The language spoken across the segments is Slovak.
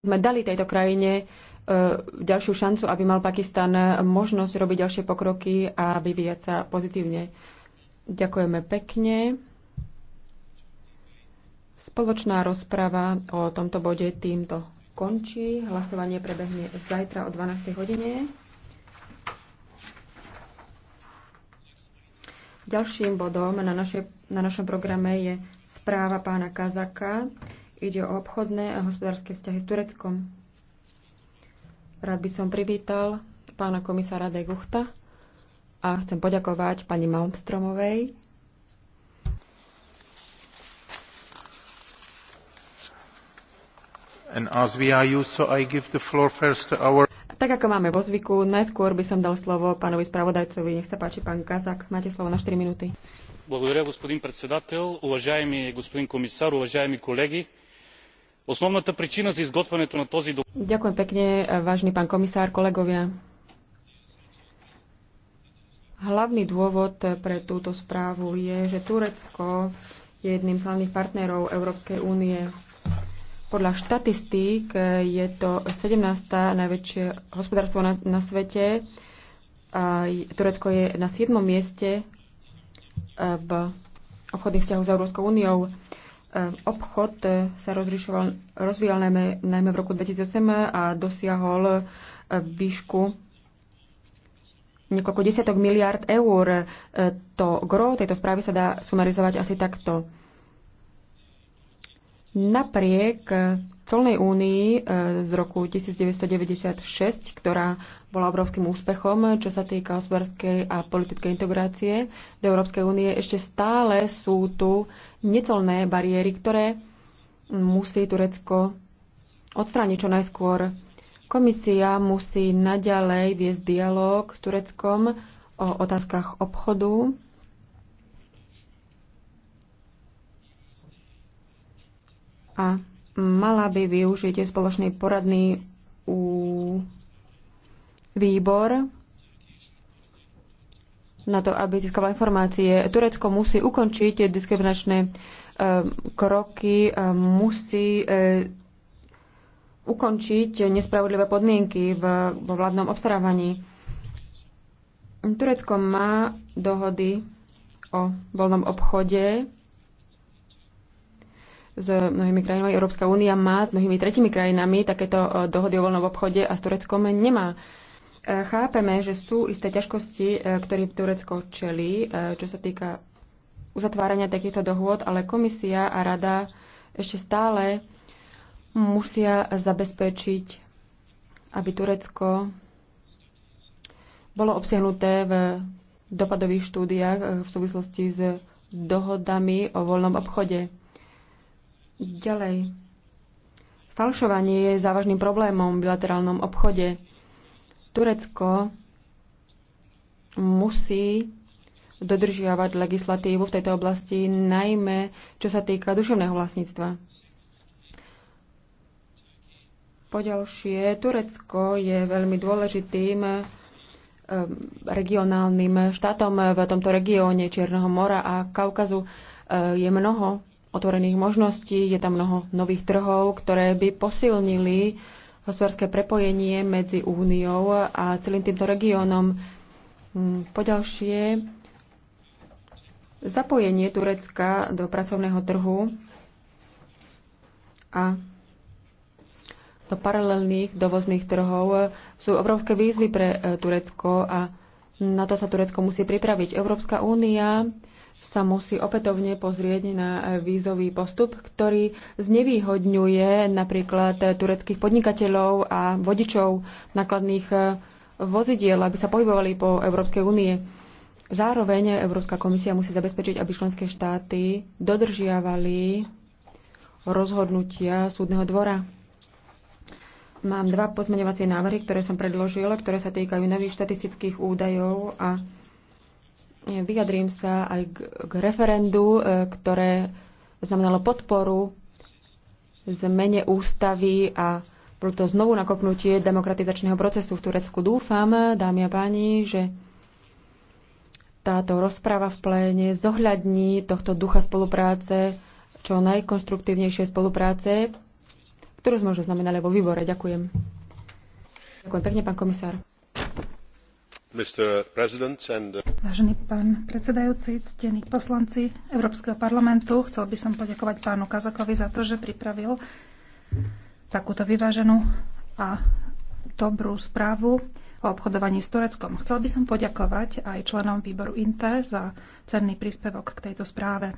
sme dali tejto krajine e, ďalšiu šancu, aby mal Pakistan možnosť robiť ďalšie pokroky a vyvíjať sa pozitívne. Ďakujeme pekne. Spoločná rozprava o tomto bode týmto končí. Hlasovanie prebehne zajtra o 12. hodine. Ďalším bodom na, na našom programe je správa pána Kazaka. Ide o obchodné a hospodárske vzťahy s Tureckom. Rád by som privítal pána komisára De Guchta a chcem poďakovať pani Malmstromovej And as we are You, so I give the floor first to our... Tak ako máme vo zvyku, najskôr by som dal slovo pánovi spravodajcovi. Nech sa páči, pán Kazak, máte slovo na 4 minúty. Благодаря, господин председател. Уважаеми господин комисар, уважаеми колеги, Основната причина за изготвянето на този документ... Ďakujem pekne, vážny pán komisár, kolegovia. Hlavný dôvod pre túto správu je, že Turecko je jedným z hlavných partnerov Európskej únie. Podľa štatistík je to 17. najväčšie hospodárstvo na, na svete. Turecko je na 7. mieste v obchodných vzťahoch s Európskou úniou. E, obchod e, sa rozvíjal najmä, najmä v roku 2008 a dosiahol e, výšku niekoľko desiatok miliard eur. To gro tejto správy sa dá sumarizovať asi takto. Napriek colnej únii e, z roku 1996, ktorá bola obrovským úspechom, čo sa týka hospodárskej a politickej integrácie do Európskej únie, ešte stále sú tu necolné bariéry, ktoré musí Turecko odstrániť čo najskôr. Komisia musí naďalej viesť dialog s Tureckom o otázkach obchodu, a mala by využiť spoločný poradný výbor na to, aby získala informácie. Turecko musí ukončiť diskriminačné e, kroky, musí e, ukončiť nespravodlivé podmienky vo vládnom obstarávaní. Turecko má dohody o voľnom obchode s mnohými krajinami. Európska únia má s mnohými tretimi krajinami takéto e, dohody o voľnom obchode a s Tureckom nemá. E, chápeme, že sú isté ťažkosti, e, ktorým Turecko čelí, čo sa týka uzatvárania takýchto dohôd, ale komisia a rada ešte stále musia zabezpečiť, aby Turecko bolo obsiahnuté v dopadových štúdiách v súvislosti s dohodami o voľnom obchode. Ďalej. Falšovanie je závažným problémom v bilaterálnom obchode. Turecko musí dodržiavať legislatívu v tejto oblasti, najmä čo sa týka duševného vlastníctva. Poďalšie, Turecko je veľmi dôležitým eh, regionálnym štátom v tomto regióne Čierneho mora a Kaukazu eh, je mnoho otvorených možností, je tam mnoho nových trhov, ktoré by posilnili hospodárske prepojenie medzi Úniou a celým týmto regiónom. Mm, Poďalšie, zapojenie Turecka do pracovného trhu a do paralelných dovozných trhov sú obrovské výzvy pre e, Turecko a na to sa Turecko musí pripraviť. Európska únia sa musí opätovne pozrieť na vízový postup, ktorý znevýhodňuje napríklad tureckých podnikateľov a vodičov nákladných eh, vozidiel, aby sa pohybovali po Európskej únie. Zároveň Európska komisia musí zabezpečiť, aby členské štáty dodržiavali rozhodnutia súdneho dvora. Mám dva pozmeňovacie návrhy, ktoré som predložila, ktoré sa týkajú nových štatistických údajov a Vyjadrím sa aj k, k referendu, e, ktoré znamenalo podporu zmene ústavy a bolo to znovu nakopnutie demokratizačného procesu v Turecku. Dúfam, dámy a páni, že táto rozpráva v pléne zohľadní tohto ducha spolupráce, čo najkonstruktívnejšie spolupráce, ktorú sme už znamenali vo výbore. Ďakujem. Ďakujem pekne, pán komisár. Uh, Vážený pán predsedajúci, ctení poslanci Európskeho parlamentu, chcel by som poďakovať pánu Kazakovi za to, že pripravil takúto vyváženú a dobrú správu o obchodovaní s Tureckom. Chcel by som poďakovať aj členom výboru INTE za cenný príspevok k tejto správe.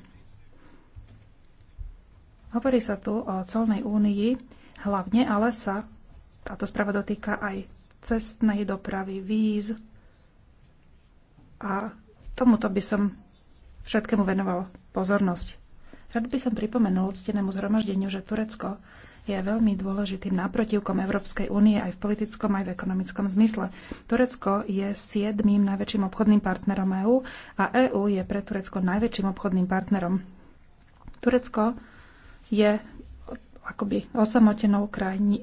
Hovorí sa tu o colnej únii hlavne, ale sa táto správa dotýka aj cestnej dopravy, víz, a tomuto by som všetkému venoval pozornosť. Rád by som pripomenul úctenému zhromaždeniu, že Turecko je veľmi dôležitým náprotivkom Európskej únie aj v politickom, aj v ekonomickom zmysle. Turecko je siedmým najväčším obchodným partnerom EÚ a EÚ je pre Turecko najväčším obchodným partnerom. Turecko je akoby osamotenou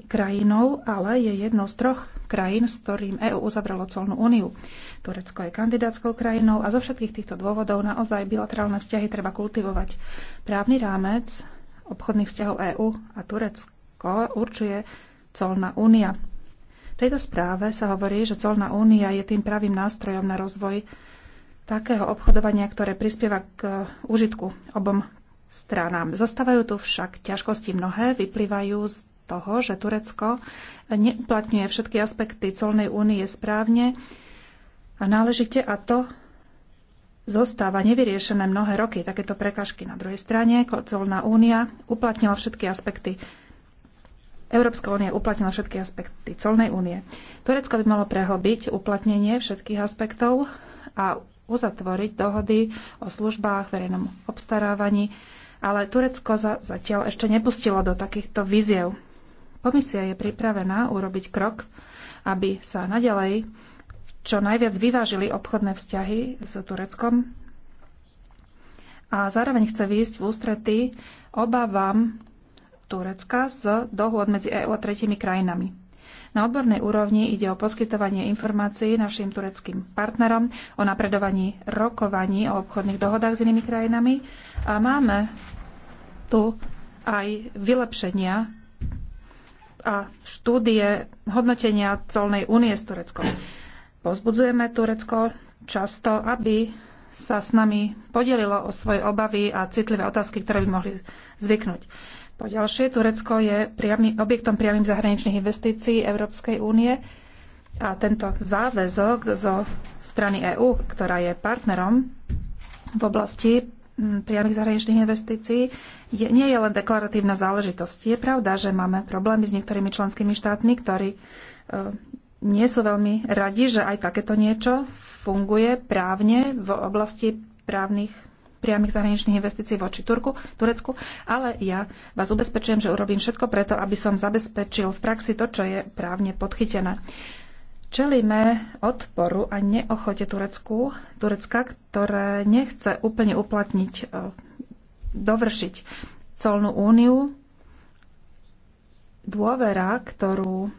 krajinou, ale je jednou z troch krajín, s ktorým EÚ uzavrelo colnú úniu. Turecko je kandidátskou krajinou a zo všetkých týchto dôvodov naozaj bilaterálne vzťahy treba kultivovať. Právny rámec obchodných vzťahov EÚ a Turecko určuje colná únia. V tejto správe sa hovorí, že colná únia je tým pravým nástrojom na rozvoj takého obchodovania, ktoré prispieva k e, užitku obom stranám. Zostávajú tu však ťažkosti mnohé, vyplývajú z toho, že Turecko neuplatňuje všetky aspekty colnej únie správne a náležite a to zostáva nevyriešené mnohé roky. Takéto prekažky na druhej strane, colná únia uplatnila všetky aspekty Európska únia uplatnila všetky aspekty colnej únie. Turecko by malo prehlbiť uplatnenie všetkých aspektov a uzatvoriť dohody o službách, verejnom obstarávaní, ale Turecko za, zatiaľ ešte nepustilo do takýchto víziev. Komisia je pripravená urobiť krok, aby sa nadalej čo najviac vyvážili obchodné vzťahy s Tureckom a zároveň chce výjsť v ústrety obavám Turecka z dohôd medzi EÚ a tretimi krajinami. Na odbornej úrovni ide o poskytovanie informácií našim tureckým partnerom o napredovaní rokovaní o obchodných dohodách s inými krajinami a máme tu aj vylepšenia a štúdie hodnotenia colnej únie s Tureckom. Pozbudzujeme Turecko často, aby sa s nami podelilo o svoje obavy a citlivé otázky, ktoré by mohli zvyknúť. Po ďalšie, Turecko je priamy, objektom priamých zahraničných investícií Európskej únie a tento záväzok zo strany EÚ, ktorá je partnerom v oblasti priamých zahraničných investícií je, nie je len deklaratívna záležitosť. Je pravda, že máme problémy s niektorými členskými štátmi, ktorí e, nie sú veľmi radi, že aj takéto niečo funguje právne v oblasti právnych priamých zahraničných investícií voči Turku, Turecku, ale ja vás ubezpečujem, že urobím všetko preto, aby som zabezpečil v praxi to, čo je právne podchytené. Čelíme odporu a neochote Turecku, Turecka, ktoré nechce úplne uplatniť, e, dovršiť colnú úniu. Dôvera, ktorú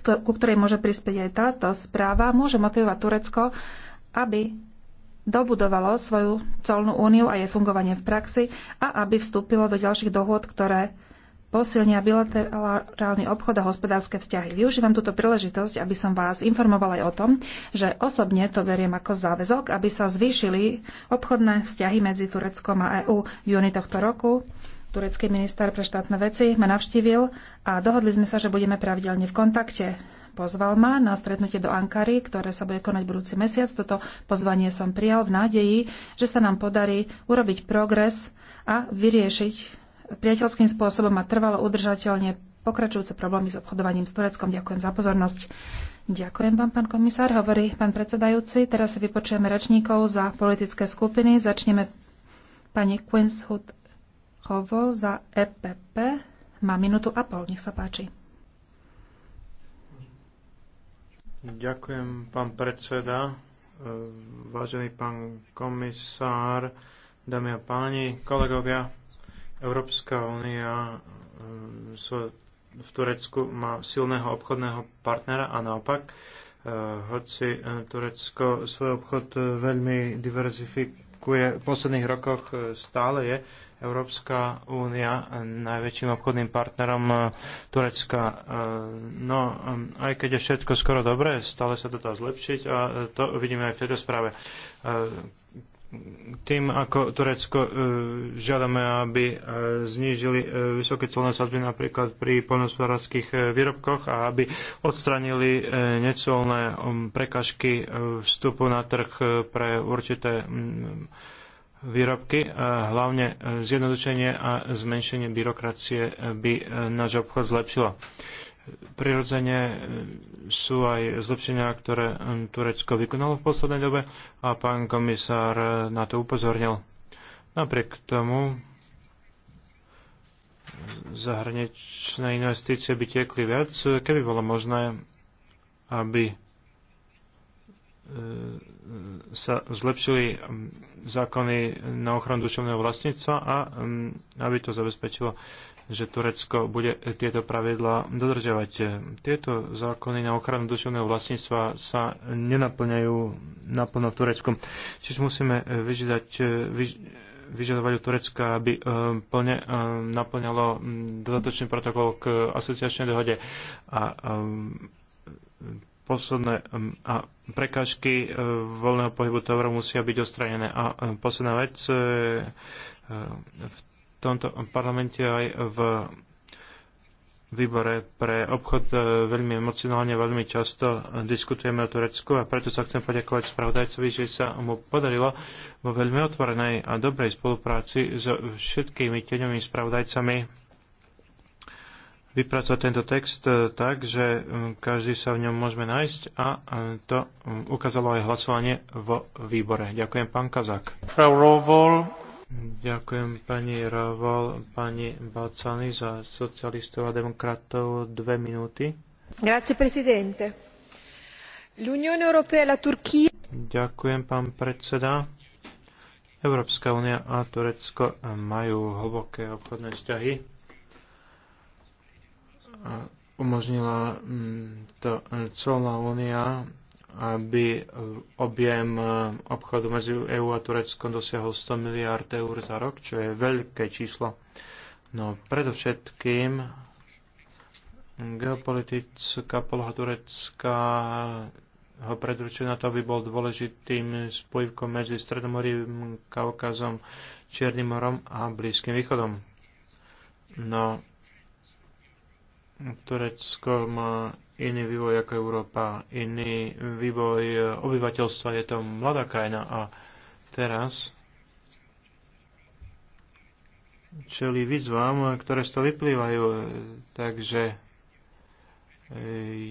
ku ktorej môže prispieť aj táto správa, môže motivovať Turecko, aby dobudovalo svoju colnú úniu a jej fungovanie v praxi a aby vstúpilo do ďalších dohôd, ktoré posilnia bilaterálny obchod a hospodárske vzťahy. Využívam túto príležitosť, aby som vás informovala aj o tom, že osobne to beriem ako záväzok, aby sa zvýšili obchodné vzťahy medzi Tureckom a EÚ v júni tohto roku. Turecký minister pre štátne veci ma navštívil a dohodli sme sa, že budeme pravidelne v kontakte pozval ma na stretnutie do Ankary, ktoré sa bude konať budúci mesiac. Toto pozvanie som prijal v nádeji, že sa nám podarí urobiť progres a vyriešiť priateľským spôsobom a trvalo udržateľne pokračujúce problémy s obchodovaním s Tureckom. Ďakujem za pozornosť. Ďakujem vám, pán komisár, hovorí pán predsedajúci. Teraz si vypočujeme rečníkov za politické skupiny. Začneme pani Quinshut Hovo za EPP. Má minútu a pol, nech sa páči. Ďakujem, pán predseda, e, vážený pán komisár, dámy a páni, kolegovia. Európska únia e, v Turecku má silného obchodného partnera a naopak, e, hoci Turecko svoj obchod veľmi diverzifikuje v posledných rokoch, stále je Európska únia najväčším obchodným partnerom e, Turecka. E, no, e, aj keď je všetko skoro dobré, stále sa to dá zlepšiť a to vidíme aj v tejto správe tým, ako Turecko žiadame, aby znížili vysoké celné sadby napríklad pri poľnohospodárských výrobkoch a aby odstranili necelné um, prekažky vstupu na trh pre určité výrobky, hlavne e, zjednodušenie a zmenšenie byrokracie by e, náš obchod zlepšilo. Prirodzene e, sú aj zlepšenia, ktoré Turecko vykonalo v poslednej dobe a pán komisár na to upozornil. Napriek tomu zahraničné investície by tiekli viac, keby bolo možné, aby E, sa zlepšili zákony na ochranu duševného vlastníctva a aby to zabezpečilo, že Turecko bude tieto pravidlá dodržiavať. Tieto zákony na ochranu duševného vlastníctva sa nenaplňajú naplno v Turecku. Čiže musíme e, vyžiadať, e, vyž, vyžadovať od Turecka, aby plne naplňalo dodatočný protokol k asociačnej dohode. A posledné a prekážky e, voľného pohybu tovaru musia byť odstranené. A e, posledná vec, e, v tomto parlamente aj v výbore pre obchod veľmi emocionálne, veľmi často diskutujeme o Turecku a preto sa chcem poďakovať spravodajcovi, že sa mu podarilo vo veľmi otvorenej a dobrej spolupráci so všetkými teňovými spravodajcami vypracovať tento text e, tak, že e, každý sa v ňom môžeme nájsť a e, to ukázalo aj hlasovanie v výbore. Ďakujem, pán Kazák. Frau Rovol. Ďakujem pani Rovol, pani Balcani za socialistov a demokratov dve minúty. Grazie, presidente. L'Unione Europea la Turchia... Ďakujem, pán predseda. Európska únia a Turecko majú hlboké obchodné vzťahy umožnila mm, to e, colná únia, aby objem e, obchodu medzi EÚ a Tureckom dosiahol 100 miliard eur za rok, čo je veľké číslo. No predovšetkým mm, geopolitická poloha Turecka ho na to, aby bol dôležitým spojivkom medzi Stredomorím, Kaukazom, Čiernym morom a Blízkym východom. No, Turecko má iný vývoj ako Európa, iný vývoj obyvateľstva, je to mladá krajina a teraz čeli výzvam, ktoré z toho vyplývajú. Takže e,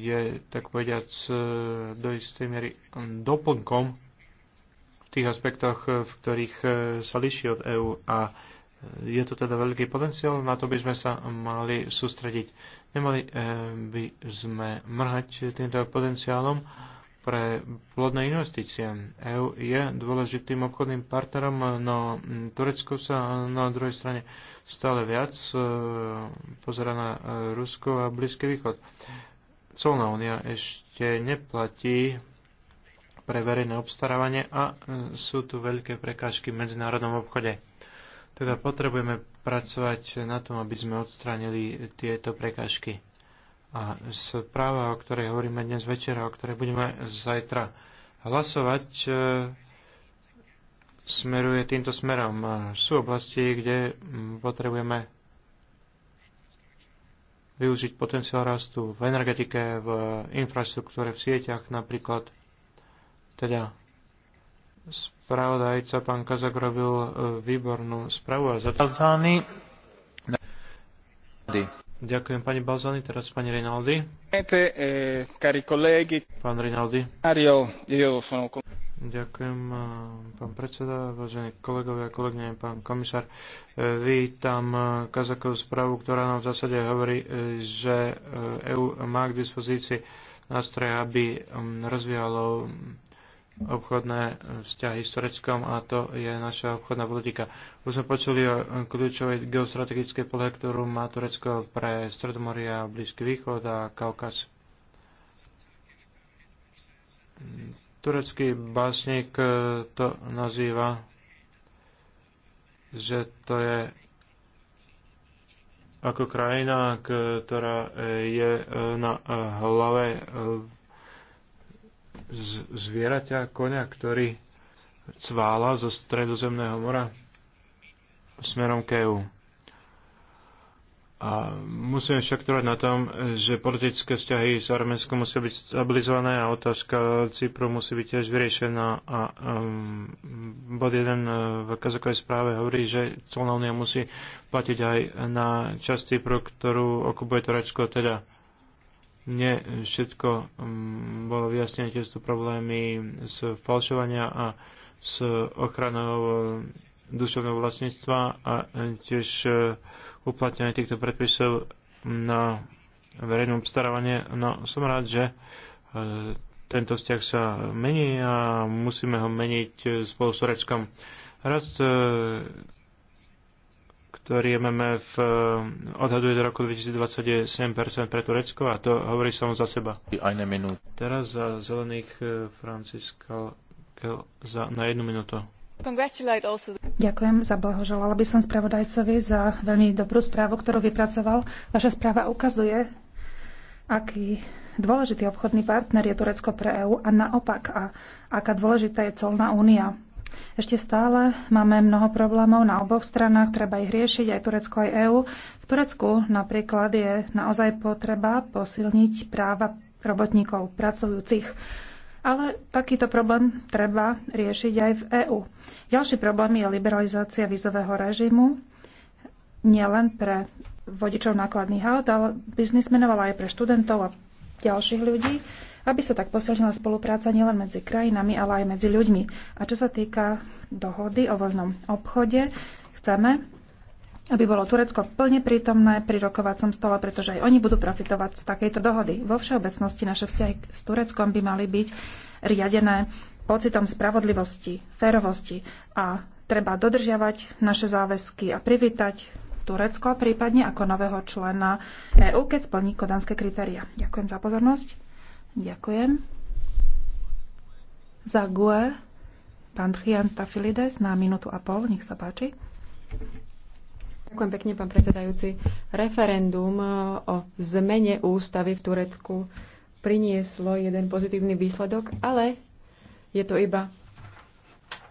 je, tak povediac, e, do istej miery doplnkom v tých aspektoch, v ktorých e, sa liší od EÚ a je to teda veľký potenciál, na to by sme sa mali sústrediť. Nemali eh, by sme mrhať týmto potenciálom pre plodné investície. EU je dôležitým obchodným partnerom, no hm, Turecko sa na druhej strane stále viac eh, pozera na eh, Rusko a Blízky východ. Colná únia ešte neplatí pre verejné obstarávanie a sú tu veľké prekážky v medzinárodnom obchode. Teda potrebujeme pracovať na tom, aby sme odstránili tieto prekážky. A správa, o ktorej hovoríme dnes večera, o ktorej budeme zajtra hlasovať, e, smeruje týmto smerom. Sú oblasti, kde potrebujeme využiť potenciál rastu v energetike, v infraštruktúre, v sieťach napríklad. Teda Spravodajca pán Kazak robil e, výbornú správu a za to... Ďakujem pani Balzani, teraz pani Rinaldi. E, pán Rinaldi. Ďakujem, e, pán predseda, vážení kolegovia, kolegne, pán komisár. Vítam Kazakov správu, ktorá nám v zásade hovorí, že EU má k dispozícii nástroje, aby rozvíjalo obchodné e, vzťahy s Tureckom a to je naša obchodná politika. Už sme počuli o e, kľúčovej geostrategickej polohe, ktorú má Turecko pre Stredomoria, Blízky východ a Kaukaz. Turecký básnik e, to nazýva, že to je ako krajina, ktorá je na hlave zvieraťa, konia, ktorý cvála zo stredozemného mora smerom k EU. A musíme však trvať na tom, že politické vzťahy s Arménskom musia byť stabilizované a otázka Cypru musí byť tiež vyriešená. A um, bod 1 uh, v kazakovej správe hovorí, že celná únia musí platiť aj na časť Cypru, ktorú okupuje Turecko, teda ne všetko mm, bolo vyjasnené, tie sú problémy s falšovania a s ochranou e, duševného vlastníctva a e, tiež e, uplatňovanie týchto predpisov na verejnom obstarávanie. No, som rád, že tento vzťah sa mení a musíme ho meniť spolu s Rečkom. Raz ktorý MMF eh, odhaduje do roku 2020 pre Turecko a to hovorí samo za seba. Teraz za zelených eh, Franciska za, na jednu minútu. Ďakujem za blahoželala by som spravodajcovi za veľmi dobrú správu, ktorú vypracoval. Vaša správa ukazuje, aký dôležitý obchodný partner je Turecko pre EÚ a naopak, a aká dôležitá je colná únia ešte stále máme mnoho problémov na oboch stranách, treba ich riešiť, aj Turecko, aj EÚ. V Turecku napríklad je naozaj potreba posilniť práva robotníkov, pracujúcich. Ale takýto problém treba riešiť aj v EÚ. Ďalší problém je liberalizácia vízového režimu, nielen pre vodičov nákladných aut, ale biznismenov, ale aj pre študentov a ďalších ľudí aby sa tak posilnila spolupráca nielen medzi krajinami, ale aj medzi ľuďmi. A čo sa týka dohody o voľnom obchode, chceme, aby bolo Turecko plne prítomné pri rokovacom stole, pretože aj oni budú profitovať z takejto dohody. Vo všeobecnosti naše vzťahy s Tureckom by mali byť riadené pocitom spravodlivosti, férovosti a treba dodržiavať naše záväzky a privítať Turecko, prípadne ako nového člena EÚ, keď splní kodanské kritéria. Ďakujem za pozornosť. Ďakujem. Za GUE pán Trian Tafilides na minútu a pol. Nech sa páči. Ďakujem pekne, pán predsedajúci. Referendum e, o zmene ústavy v Turecku prinieslo jeden pozitívny výsledok, ale je to iba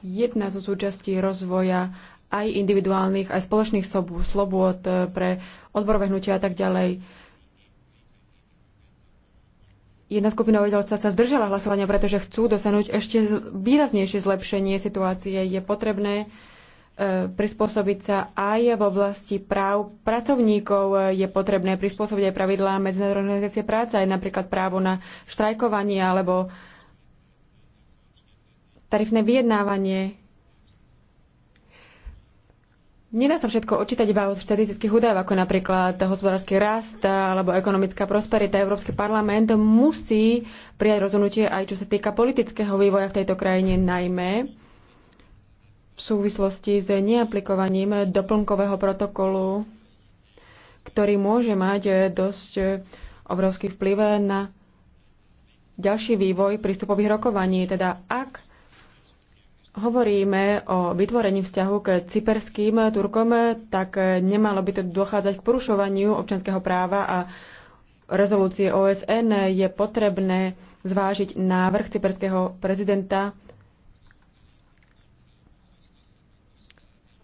jedna zo súčastí rozvoja aj individuálnych, aj spoločných slobôd e, pre odborové hnutia a tak ďalej jedna skupina obyvateľstva sa zdržala hlasovania, pretože chcú dosiahnuť ešte výraznejšie zlepšenie situácie. Je potrebné e, prispôsobiť sa aj v oblasti práv pracovníkov. Je potrebné prispôsobiť aj pravidlá Medzinárodnej organizácie práce, aj napríklad právo na štrajkovanie alebo tarifné vyjednávanie. Nedá sa všetko očítať iba od štatistických údajov, ako napríklad hospodársky rast alebo ekonomická prosperita. Európsky parlament musí prijať rozhodnutie aj čo sa týka politického vývoja v tejto krajine, najmä v súvislosti s neaplikovaním doplnkového protokolu, ktorý môže mať dosť obrovský vplyv na ďalší vývoj prístupových rokovaní. Teda ak hovoríme o vytvorení vzťahu k cyperským Turkom, tak nemalo by to dochádzať k porušovaniu občanského práva a rezolúcie OSN je potrebné zvážiť návrh cyperského prezidenta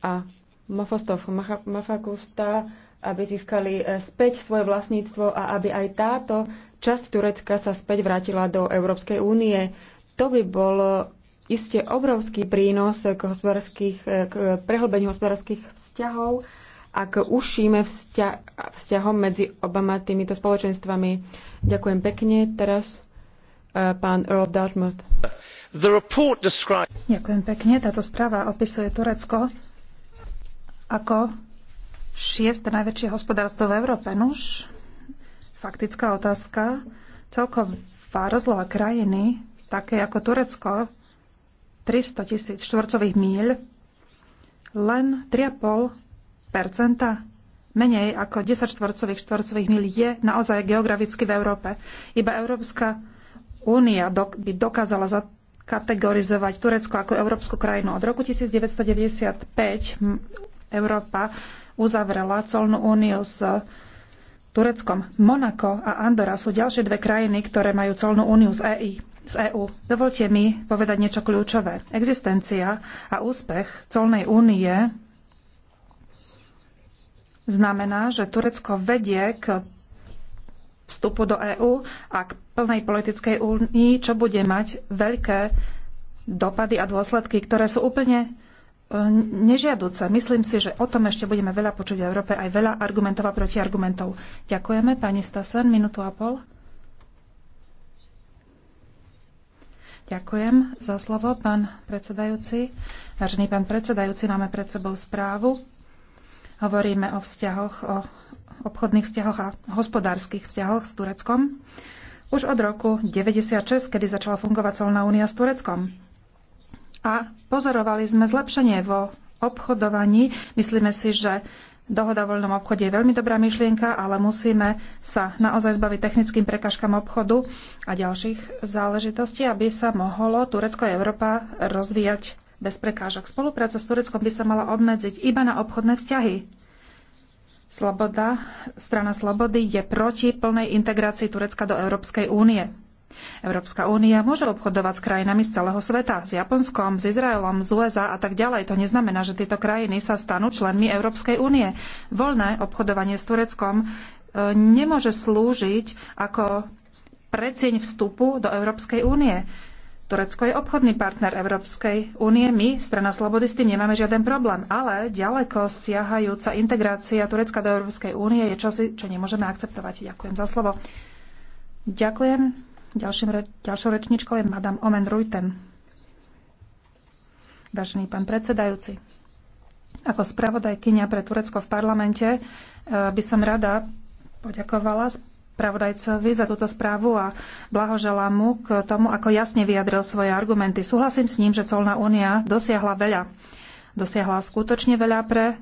a Mofostov Mafakusta, aby získali e, späť svoje vlastníctvo a aby aj táto časť Turecka sa späť vrátila do Európskej únie. To by bolo iste obrovský prínos k, hospodárskych, e, k prehlbeniu hospodárskych vzťahov a k ušíme vzťa- vzťahom medzi obama týmito spoločenstvami. Ďakujem pekne. Teraz e, pán Earl Dartmouth. Describes... Ďakujem pekne. Táto správa opisuje Turecko ako šieste najväčšie hospodárstvo v Európe. Nuž, faktická otázka. Celková rozloha krajiny, také ako Turecko, 300 tisíc štvorcových míľ, len 3,5 menej ako 10 štvorcových štvorcových míľ je naozaj geograficky v Európe. Iba Európska únia by dokázala kategorizovať Turecko ako európsku krajinu. Od roku 1995 Európa uzavrela colnú úniu s Tureckom. Monako a Andora sú ďalšie dve krajiny, ktoré majú colnú úniu z EI z EÚ. Dovolte mi povedať niečo kľúčové. Existencia a úspech colnej únie znamená, že Turecko vedie k vstupu do EÚ a k plnej politickej únii, čo bude mať veľké dopady a dôsledky, ktoré sú úplne e, nežiaduce. Myslím si, že o tom ešte budeme veľa počuť v Európe, aj veľa argumentov a protiargumentov. Ďakujeme, pani Stasen, minútu a pol. Ďakujem za slovo, pán predsedajúci. Vážený pán predsedajúci, máme pred sebou správu. Hovoríme o vzťahoch, o obchodných vzťahoch a hospodárskych vzťahoch s Tureckom. Už od roku 1996, kedy začala fungovať celná únia s Tureckom. A pozorovali sme zlepšenie vo obchodovaní. Myslíme si, že Dohoda o voľnom obchode je veľmi dobrá myšlienka, ale musíme sa naozaj zbaviť technickým prekažkám obchodu a ďalších záležitostí, aby sa mohlo Turecko a Európa rozvíjať bez prekážok. Spolupráca s Tureckom by sa mala obmedziť iba na obchodné vzťahy. Sloboda, strana slobody je proti plnej integrácii Turecka do Európskej únie. Európska únia môže obchodovať s krajinami z celého sveta, s Japonskom, s Izraelom, z USA a tak ďalej. To neznamená, že tieto krajiny sa stanú členmi Európskej únie. Voľné obchodovanie s Tureckom e, nemôže slúžiť ako predsieň vstupu do Európskej únie. Turecko je obchodný partner Európskej únie. My, strana slobody, s tým nemáme žiaden problém, ale ďaleko siahajúca integrácia Turecka do Európskej únie je čosi, čo nemôžeme akceptovať. Ďakujem za slovo. Ďakujem. Ďalším, ďalšou rečničkou je Madame Omen Ruiten. Vážený pán predsedajúci, ako spravodajkynia pre Turecko v parlamente eh, by som rada poďakovala spravodajcovi za túto správu a blahoželám mu k tomu, ako jasne vyjadril svoje argumenty. Súhlasím s ním, že colná únia dosiahla veľa. Dosiahla skutočne veľa pre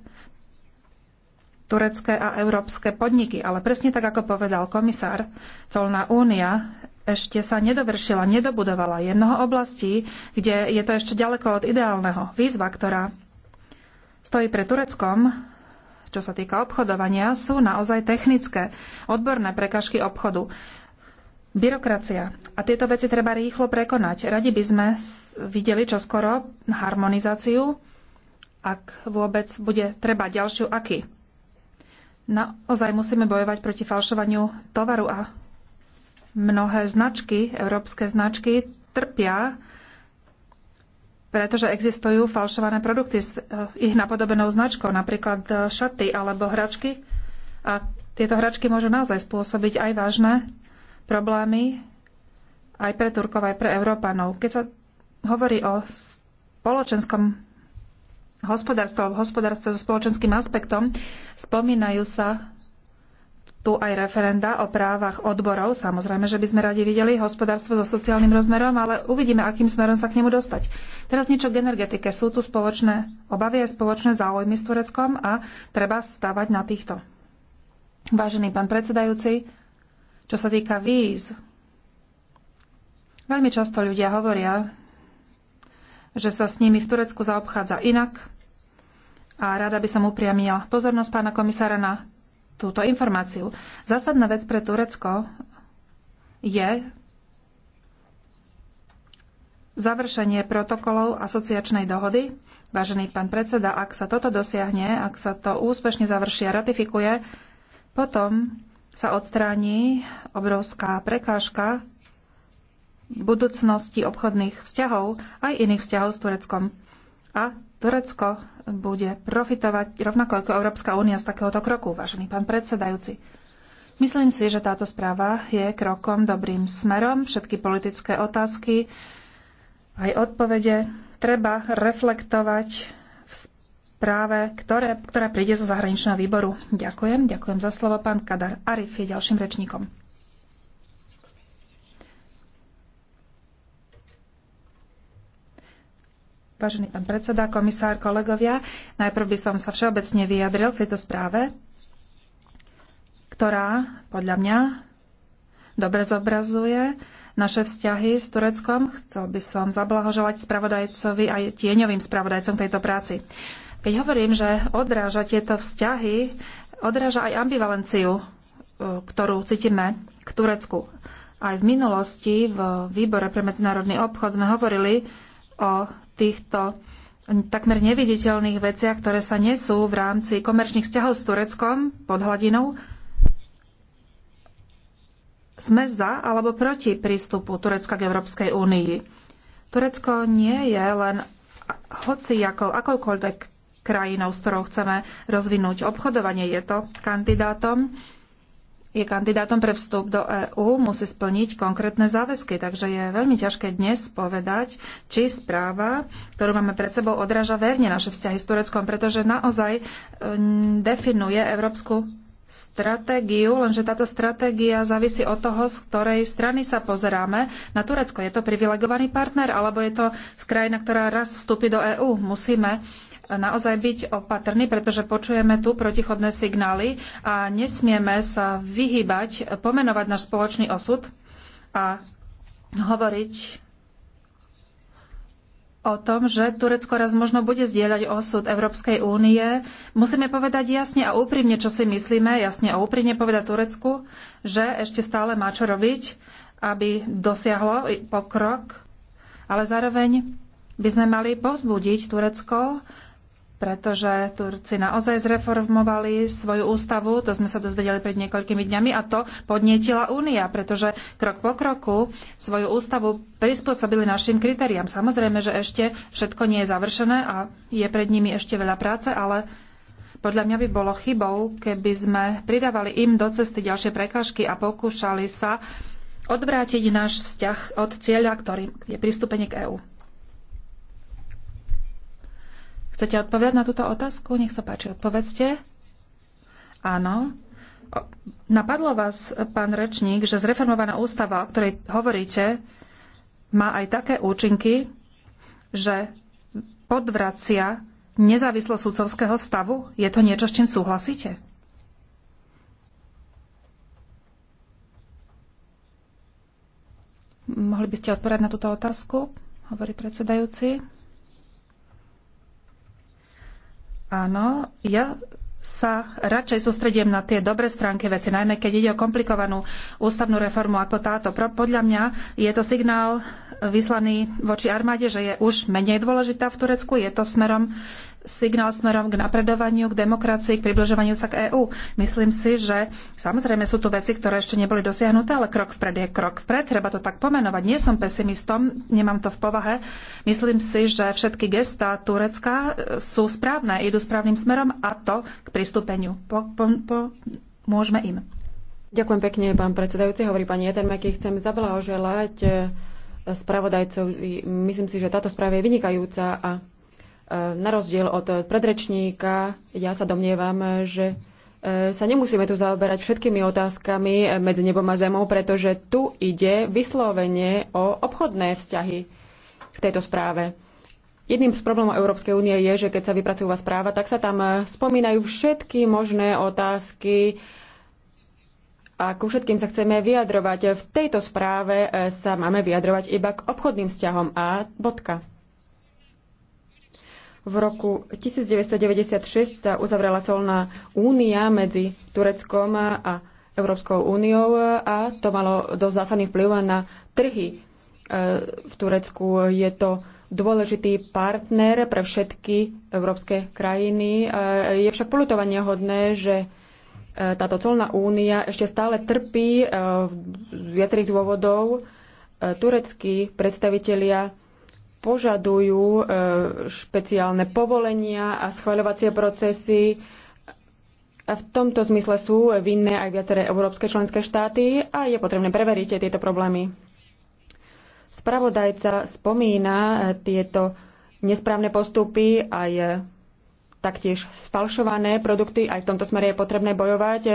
turecké a európske podniky. Ale presne tak, ako povedal komisár, colná únia ešte sa nedovršila, nedobudovala. Je mnoho oblastí, kde je to ešte ďaleko od ideálneho. Výzva, ktorá stojí pre Tureckom, čo sa týka obchodovania, sú naozaj technické, odborné prekažky obchodu. Byrokracia. A tieto veci treba rýchlo prekonať. Radi by sme videli čoskoro harmonizáciu, ak vôbec bude treba ďalšiu aký. Naozaj musíme bojovať proti falšovaniu tovaru a Mnohé značky, európske značky, trpia, pretože existujú falšované produkty s e, ich napodobenou značkou, napríklad e, šaty alebo hračky. A tieto hračky môžu naozaj spôsobiť aj vážne problémy aj pre Turkov, aj pre Európanov. Keď sa hovorí o spoločenskom hospodárstvo, hospodárstvo so spoločenským aspektom, spomínajú sa tu aj referenda o právach odborov. Samozrejme, že by sme radi videli hospodárstvo so sociálnym rozmerom, ale uvidíme, akým smerom sa k nemu dostať. Teraz niečo k energetike. Sú tu spoločné obavy a spoločné záujmy s Tureckom a treba stavať na týchto. Vážený pán predsedajúci, čo sa týka víz, veľmi často ľudia hovoria, že sa s nimi v Turecku zaobchádza inak, a rada by som upriamila pozornosť pána komisára na túto informáciu. Zásadná vec pre Turecko je završenie protokolov asociačnej dohody. Vážený pán predseda, ak sa toto dosiahne, ak sa to úspešne završí a ratifikuje, potom sa odstráni obrovská prekážka budúcnosti obchodných vzťahov aj iných vzťahov s Tureckom. A Turecko bude profitovať rovnako ako Európska únia z takéhoto kroku, vážený pán predsedajúci. Myslím si, že táto správa je krokom dobrým smerom. Všetky politické otázky aj odpovede treba reflektovať v správe, ktoré, ktorá príde zo zahraničného výboru. Ďakujem. Ďakujem za slovo. Pán Kadar Arif je ďalším rečníkom. Vážený pán predseda, komisár, kolegovia, najprv by som sa všeobecne vyjadril k tejto správe, ktorá podľa mňa dobre zobrazuje naše vzťahy s Tureckom. Chcel by som zablahoželať spravodajcovi aj tieňovým spravodajcom tejto práci. Keď hovorím, že odráža tieto vzťahy, odráža aj ambivalenciu, e, ktorú cítime k Turecku. Aj v minulosti v výbore pre medzinárodný obchod sme hovorili o týchto takmer neviditeľných veciach, ktoré sa nesú v rámci komerčných vzťahov s Tureckom pod hladinou. Sme za alebo proti prístupu Turecka k Európskej únii. Turecko nie je len hoci ako, akoukoľvek krajinou, s ktorou chceme rozvinúť obchodovanie. Je to kandidátom je kandidátom pre vstup do EÚ, musí splniť konkrétne záväzky. Takže je veľmi ťažké dnes povedať, či správa, ktorú máme pred sebou, odráža verne naše vzťahy s Tureckom, pretože naozaj e, definuje európsku stratégiu, lenže táto stratégia závisí od toho, z ktorej strany sa pozeráme. Na Turecko je to privilegovaný partner, alebo je to krajina, ktorá raz vstúpi do EÚ. Musíme naozaj byť opatrní, pretože počujeme tu protichodné signály a nesmieme sa vyhybať, pomenovať náš spoločný osud a hovoriť o tom, že Turecko raz možno bude zdieľať osud Európskej únie. Musíme povedať jasne a úprimne, čo si myslíme, jasne a úprimne povedať Turecku, že ešte stále má čo robiť, aby dosiahlo pokrok, ale zároveň by sme mali povzbudiť Turecko, pretože Turci naozaj zreformovali svoju ústavu, to sme sa dozvedeli pred niekoľkými dňami a to podnietila Únia, pretože krok po kroku svoju ústavu prispôsobili našim kritériám. Samozrejme, že ešte všetko nie je završené a je pred nimi ešte veľa práce, ale podľa mňa by bolo chybou, keby sme pridávali im do cesty ďalšie prekažky a pokúšali sa odvrátiť náš vzťah od cieľa, ktorým je pristúpenie k EÚ. Chcete odpovedať na túto otázku? Nech sa páči, odpovedzte. Áno. Napadlo vás, pán rečník, že zreformovaná ústava, o ktorej hovoríte, má aj také účinky, že podvracia nezávislo súcovského stavu? Je to niečo, s čím súhlasíte? Mohli by ste odpovedať na túto otázku, hovorí predsedajúci. Áno, ja sa radšej sústredím na tie dobré stránky veci, najmä keď ide o komplikovanú ústavnú reformu ako táto. Podľa mňa je to signál vyslaný voči armáde, že je už menej dôležitá v Turecku, je to smerom signál smerom k napredovaniu, k demokracii, k približovaniu sa k EÚ. Myslím si, že samozrejme sú tu veci, ktoré ešte neboli dosiahnuté, ale krok vpred je krok vpred, treba to tak pomenovať. Nie som pesimistom, nemám to v povahe. Myslím si, že všetky gestá Turecka e, sú správne, idú správnym smerom a to k pristúpeniu. Po, po, po, môžeme im. Ďakujem pekne, pán predsedajúci. Hovorí pani Jetermeky, chcem zablahoželať e, spravodajcovi. Myslím si, že táto správa je vynikajúca a E, na rozdiel od predrečníka, ja sa domnievam, že e, sa nemusíme tu zaoberať všetkými otázkami e, medzi nebom a zemou, pretože tu ide vyslovene o obchodné vzťahy v tejto správe. Jedným z problémov Európskej únie je, že keď sa vypracúva správa, tak sa tam spomínajú všetky možné otázky a ku všetkým sa chceme vyjadrovať. V tejto správe sa máme vyjadrovať iba k obchodným vzťahom a bodka. V roku 1996 sa uzavrela colná únia medzi Tureckom a Európskou úniou a to malo dosť zásadný vplyv na trhy e, v Turecku. Je to dôležitý partner pre všetky európske krajiny. E, je však polutovanie hodné, že e, táto colná únia ešte stále trpí z viacerých dôvodov. Tureckí predstavitelia požadujú e, špeciálne povolenia a schvaľovacie procesy. A v tomto zmysle sú vinné aj viaceré európske členské štáty a je potrebné preveriť tieto problémy. Spravodajca spomína e, tieto nesprávne postupy aj e, taktiež sfalšované produkty. Aj v tomto smere je potrebné bojovať. E,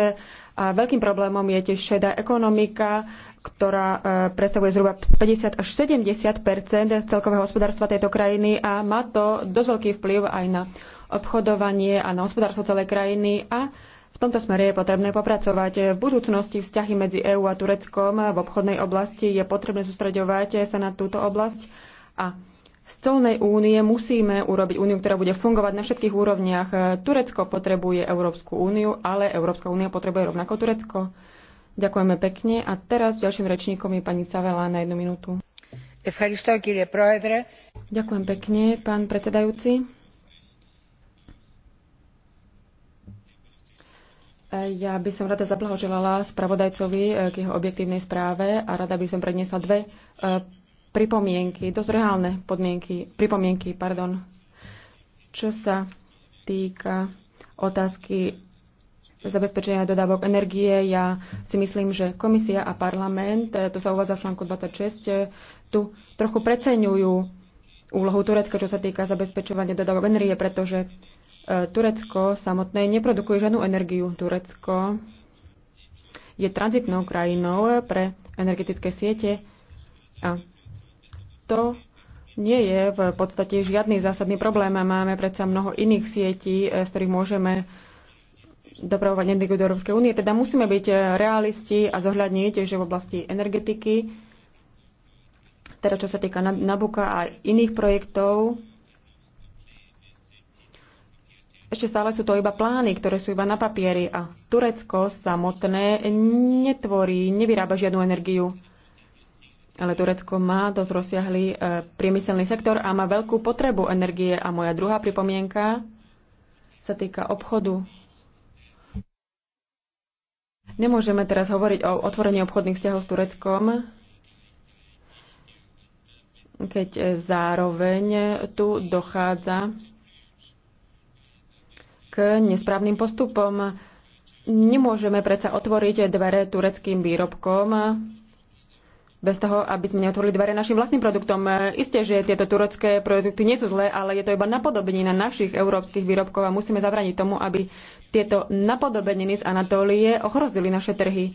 a veľkým problémom je tiež šedá ekonomika, ktorá e, predstavuje zhruba 50 až 70 celkového hospodárstva tejto krajiny a má to dosť veľký vplyv aj na obchodovanie a na hospodárstvo celej krajiny a v tomto smere je potrebné popracovať. E, v budúcnosti vzťahy medzi EÚ a Tureckom v obchodnej oblasti je potrebné sústreďovať sa na túto oblasť a z colnej únie musíme urobiť úniu, ktorá bude fungovať na všetkých úrovniach. Turecko potrebuje Európsku úniu, ale Európska únia potrebuje rovnako Turecko. Ďakujeme pekne a teraz ďalším rečníkom je pani Cavela na jednu minútu. Ďakujem pekne, pán predsedajúci. Ja by som rada zablahoželala spravodajcovi k jeho objektívnej správe a rada by som predniesla dve eh, pripomienky, dosť reálne podmienky, pripomienky, pardon, čo sa týka otázky zabezpečenia dodávok energie. Ja si myslím, že komisia a parlament, eh, to sa uvádza v článku 26, eh, tu trochu preceňujú úlohu Turecka, čo sa týka zabezpečovania dodávok energie, pretože eh, Turecko samotné neprodukuje žiadnu energiu. Turecko je tranzitnou krajinou pre energetické siete a to nie je v podstate žiadny zásadný problém. Máme predsa mnoho iných sietí, eh, z ktorých môžeme dopravovať energiu do Európskej únie. Teda musíme byť eh, realisti a zohľadniť, že v oblasti energetiky, teda čo sa týka Nabuka a iných projektov, ešte stále sú to iba plány, ktoré sú iba na papieri a Turecko samotné netvorí, nevyrába žiadnu energiu ale Turecko má dosť rozsiahlý e, priemyselný sektor a má veľkú potrebu energie. A moja druhá pripomienka sa týka obchodu. Nemôžeme teraz hovoriť o otvorení obchodných vzťahov s Tureckom, keď e, zároveň tu dochádza k nesprávnym postupom. Nemôžeme predsa otvoriť dvere tureckým výrobkom, bez toho, aby sme neotvorili dvere našim vlastným produktom. E, Isté, že tieto turecké produkty nie sú zlé, ale je to iba napodobenie na našich európskych výrobkov a musíme zabraniť tomu, aby tieto napodobeniny z Anatólie ohrozili naše trhy.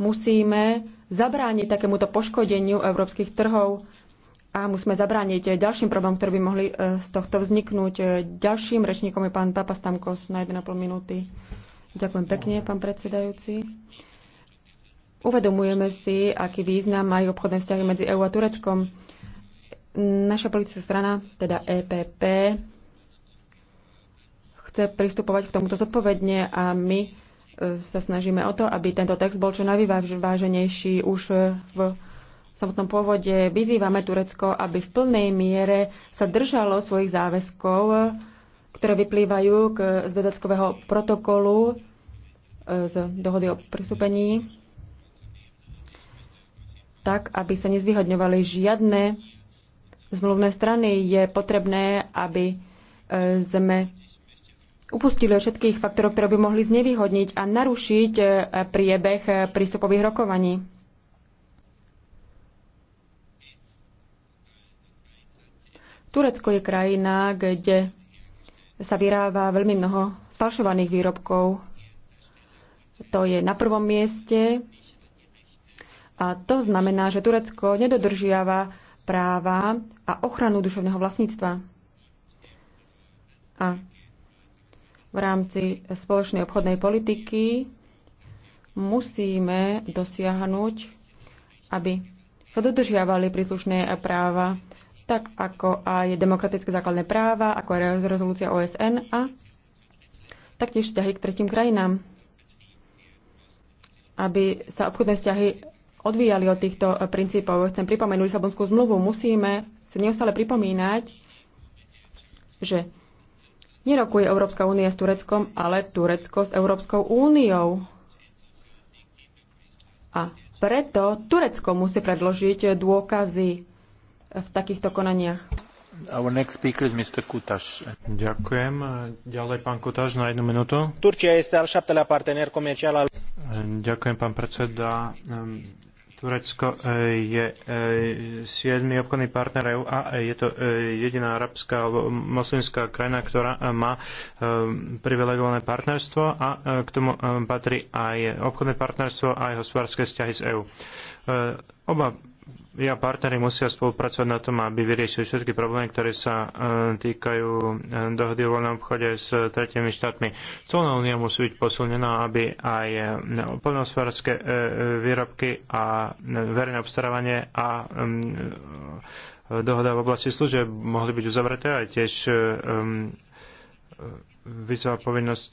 Musíme zabrániť takémuto poškodeniu európskych trhov a musíme zabrániť ďalším problémom, ktoré by mohli e, z tohto vzniknúť. E, ďalším rečníkom je pán Papa Stamkos na 1,5 minúty. Ďakujem pekne, pán predsedajúci. Uvedomujeme si, aký význam majú obchodné vzťahy medzi EÚ a Tureckom. Naša politická strana, teda EPP, chce pristupovať k tomuto zodpovedne a my e, sa snažíme o to, aby tento text bol čo najvyváženejší už e, v samotnom pôvode. Vyzývame Turecko, aby v plnej miere sa držalo svojich záväzkov, e, ktoré vyplývajú k, z dodatkového protokolu z dohody o pristúpení tak, aby sa nezvyhodňovali žiadne zmluvné strany. Je potrebné, aby sme e, upustili od všetkých faktorov, ktoré by mohli znevýhodniť a narušiť e, priebeh e, prístupových rokovaní. Turecko je krajina, kde sa vyrába veľmi mnoho sfalšovaných výrobkov. To je na prvom mieste a to znamená, že Turecko nedodržiava práva a ochranu duševného vlastníctva. A v rámci spoločnej obchodnej politiky musíme dosiahnuť, aby sa dodržiavali príslušné práva, tak ako aj demokratické základné práva, ako aj rezolúcia OSN a taktiež vzťahy k tretím krajinám aby sa obchodné vzťahy odvíjali od týchto eh, princípov. Chcem pripomenúť Lisabonskú zmluvu. Musíme si neustále pripomínať, že nerokuje Európska únia s Tureckom, ale Turecko s Európskou úniou. A preto Turecko musí predložiť dôkazy v takýchto konaniach. Our next speaker is Mr. Ďakujem. Ďalej pán Kutaš na jednu minútu. Turčia je stále šaptelá partener comercial Ďakujem, pán predseda. Turecko e, je e, siedmy obchodný partner EU a e, je to jediná arabská alebo moslimská krajina, ktorá má privilegované partnerstvo a k tomu patrí aj obchodné partnerstvo, aj hospodárske vzťahy s EU. Oba ja partnery musia spolupracovať na tom, aby vyriešili všetky problémy, ktoré sa e, týkajú e, dohody o voľnom obchode s tretimi štátmi. Celná únia musí byť posilnená, aby aj e, plnohospodárske výrobky a verejné obstarávanie a dohoda v oblasti služieb mohli byť uzavreté aj tiež vyzva povinnosť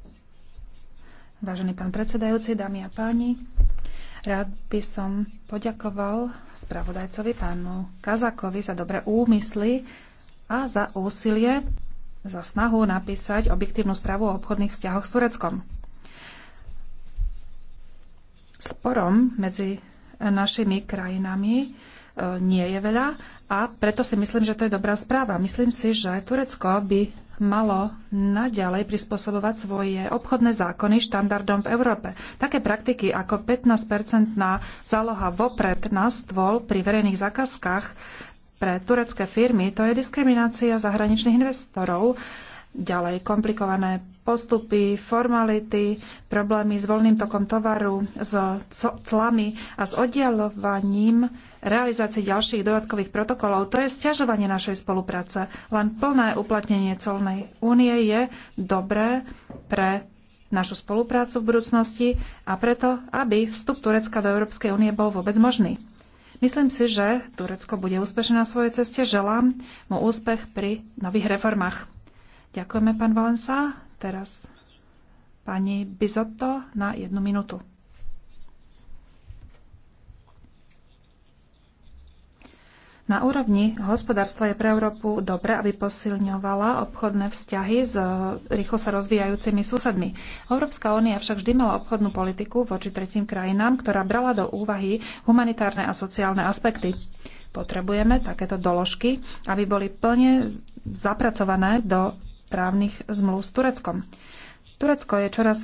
Vážený pán predsedajúci, dámy a páni, rád by som poďakoval spravodajcovi pánu Kazakovi za dobré úmysly a za úsilie, za snahu napísať objektívnu správu o obchodných vzťahoch s Tureckom. Sporom medzi našimi krajinami e, nie je veľa a preto si myslím, že to je dobrá správa. Myslím si, že Turecko by malo naďalej prispôsobovať svoje obchodné zákony štandardom v Európe. Také praktiky ako 15-percentná záloha vopred na stôl pri verejných zákazkách pre turecké firmy, to je diskriminácia zahraničných investorov, ďalej komplikované postupy, formality, problémy s voľným tokom tovaru, s clami a s oddialovaním realizácii ďalších dodatkových protokolov, to je stiažovanie našej spolupráce. Len plné uplatnenie colnej únie je dobré pre našu spoluprácu v budúcnosti a preto, aby vstup Turecka do Európskej únie bol vôbec možný. Myslím si, že Turecko bude úspešné na svojej ceste. Želám mu úspech pri nových reformách. Ďakujeme, pán Valensa. Teraz pani Bizotto na jednu minútu. Na úrovni hospodárstva je pre Európu dobre, aby posilňovala obchodné vzťahy s eh, rýchlo sa rozvíjajúcimi susedmi. Európska únia však vždy mala obchodnú politiku voči tretím krajinám, ktorá brala do úvahy humanitárne a sociálne aspekty. Potrebujeme takéto doložky, aby boli plne zapracované do právnych zmluv s Tureckom. Turecko je čoraz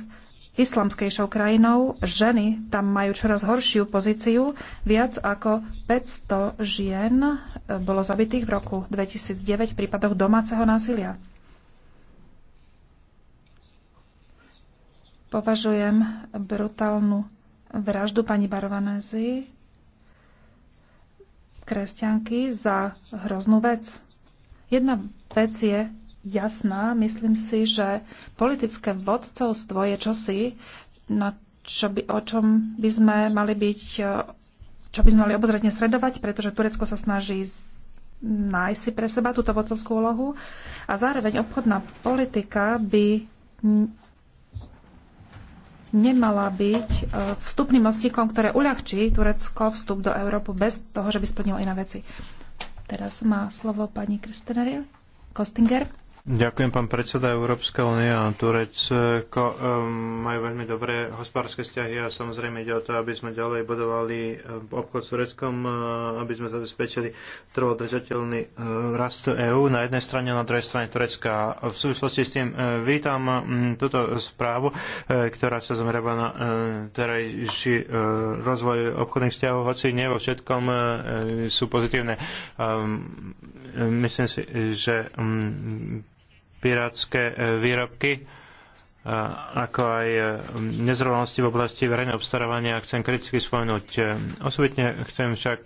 islamskejšou krajinou. Ženy tam majú čoraz horšiu pozíciu. Viac ako 500 žien e, bolo zabitých v roku 2009 v prípadoch domáceho násilia. Považujem brutálnu vraždu pani Barvanézy, kresťanky, za hroznú vec. Jedna vec je jasná. Myslím si, že politické vodcovstvo je čosi, na čo by, o čom by sme mali byť, e, čo by sme mali obozretne sledovať, pretože Turecko sa snaží nájsť si pre seba túto vodcovskú úlohu a zároveň obchodná politika by nemala byť e, vstupným mostíkom, ktoré uľahčí Turecko vstup do Európy bez toho, že by splnilo iné veci. Teraz má slovo pani Kristenerie Kostinger. Ďakujem, pán predseda. Európska únia a Turecko ehm, majú veľmi dobré hospodárske vzťahy a samozrejme ide o to, aby sme ďalej budovali ehm, obchod s Tureckom, ehm, aby sme zabezpečili trvodržateľný rast EÚ na jednej strane, a na druhej strane Turecka. V súvislosti s tým vítam túto správu, ktorá sa zameriava na terajší rozvoj obchodných vzťahov, hoci nie vo všetkom sú pozitívne. Myslím si, že pirátske e, výrobky, e, ako aj e, nezrovnalosti v oblasti verejného obstarávania chcem kriticky spomenúť. Osobitne chcem však